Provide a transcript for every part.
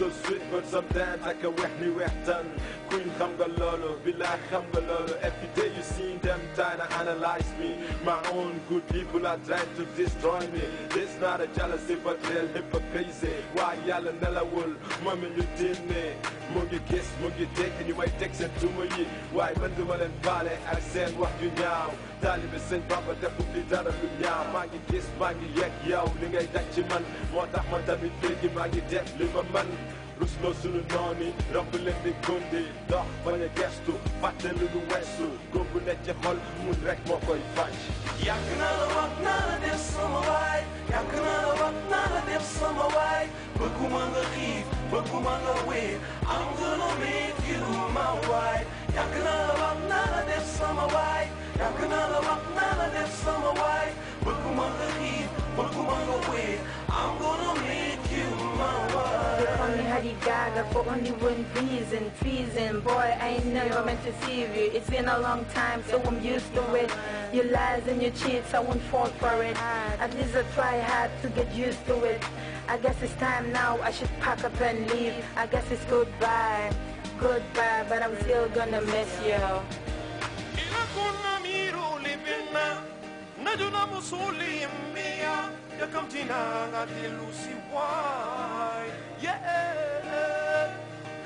so sweet but sometimes I can wear me western Queen xam nga loolu billaay every day you see them trying to analyze me My own good people are trying to destroy me It's not a jealousy but real hypocrisy Why y'all and Nella diin Mommy, you did gis mu kiss, dégg take, and you seen tuuma yi waaye me. Why leen baale ak seen wax yu ñaaw taalibe sëñ Bamba defu fi dara lu ñaaw maa ngi gis maa ngi kiss, yow li ngay daj ci man moo tax ma tamit léegi maa ngi def li man rusloo sunu noon yi rëbb leen di gondi dox ba a gestu fàtte lu nu weesu góor bu xol mun rek moo koy faj yàgg naa la wax naa la def sama waay yàgg naa la wax naa la def sama waay bëgguma nga xiif bëgguma nga wéet am nga lu métti lu ma waay for only one reason, treason. Boy, I ain't never meant to see you. It's been a long time, so I'm used to it. Your lies and your cheats, I won't fall for it. At least I try hard to get used to it. I guess it's time now, I should pack up and leave. I guess it's goodbye, goodbye, but I'm still gonna miss you. najuna musuli yeah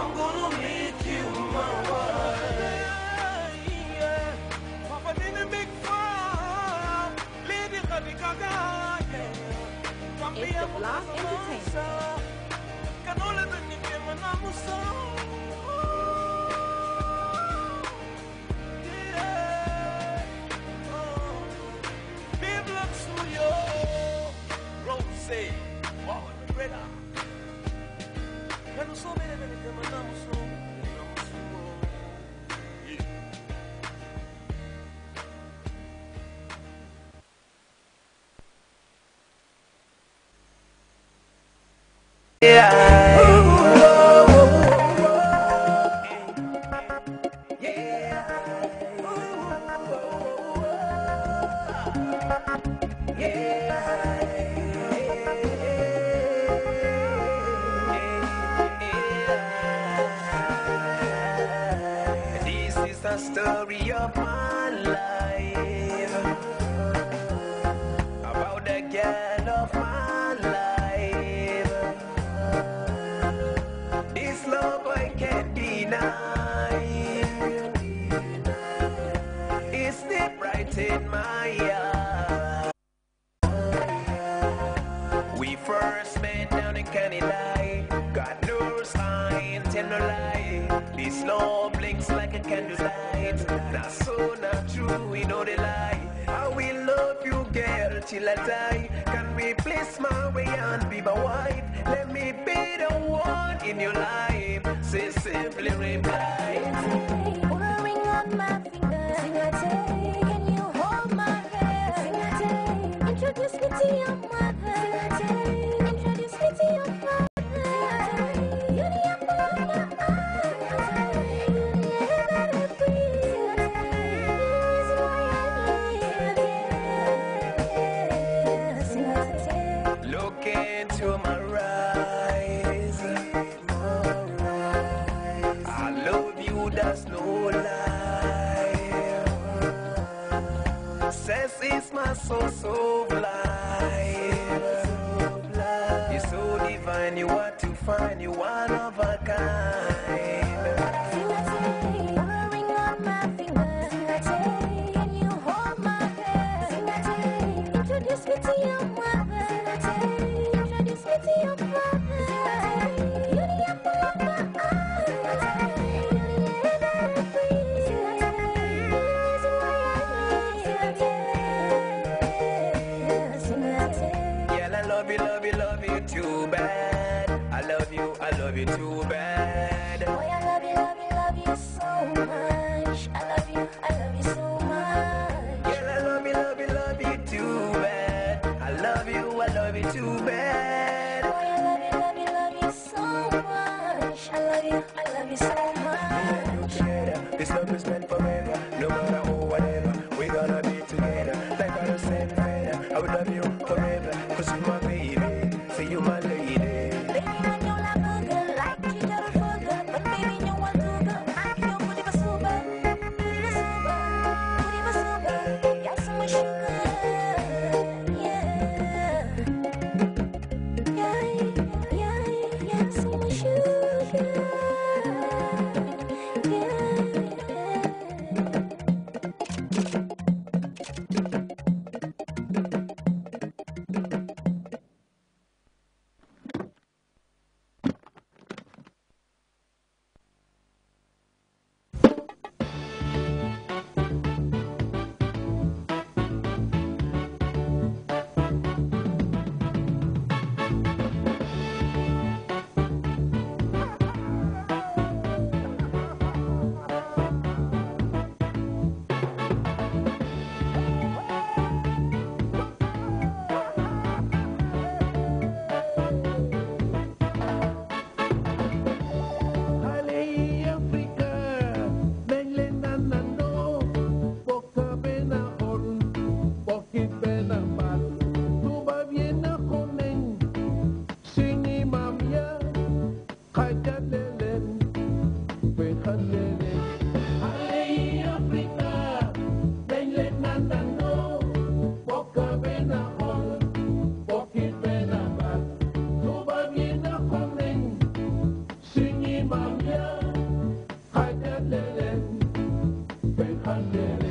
I'm gonna make you my wife. It's the Block Entertainment. This is the story of my life. That's so not true, we know the lie. I will love you, girl, till I die. Can we place my way and be my wife? Let me be the one in your life. Say simply reply. Pulling up my finger, Can you hold my hand, Introduce me to your my soul so blind. You're so divine, you are to find, you one of a kind. gonna matter whatever, we gonna be together. like at the same I would love you. pandemic.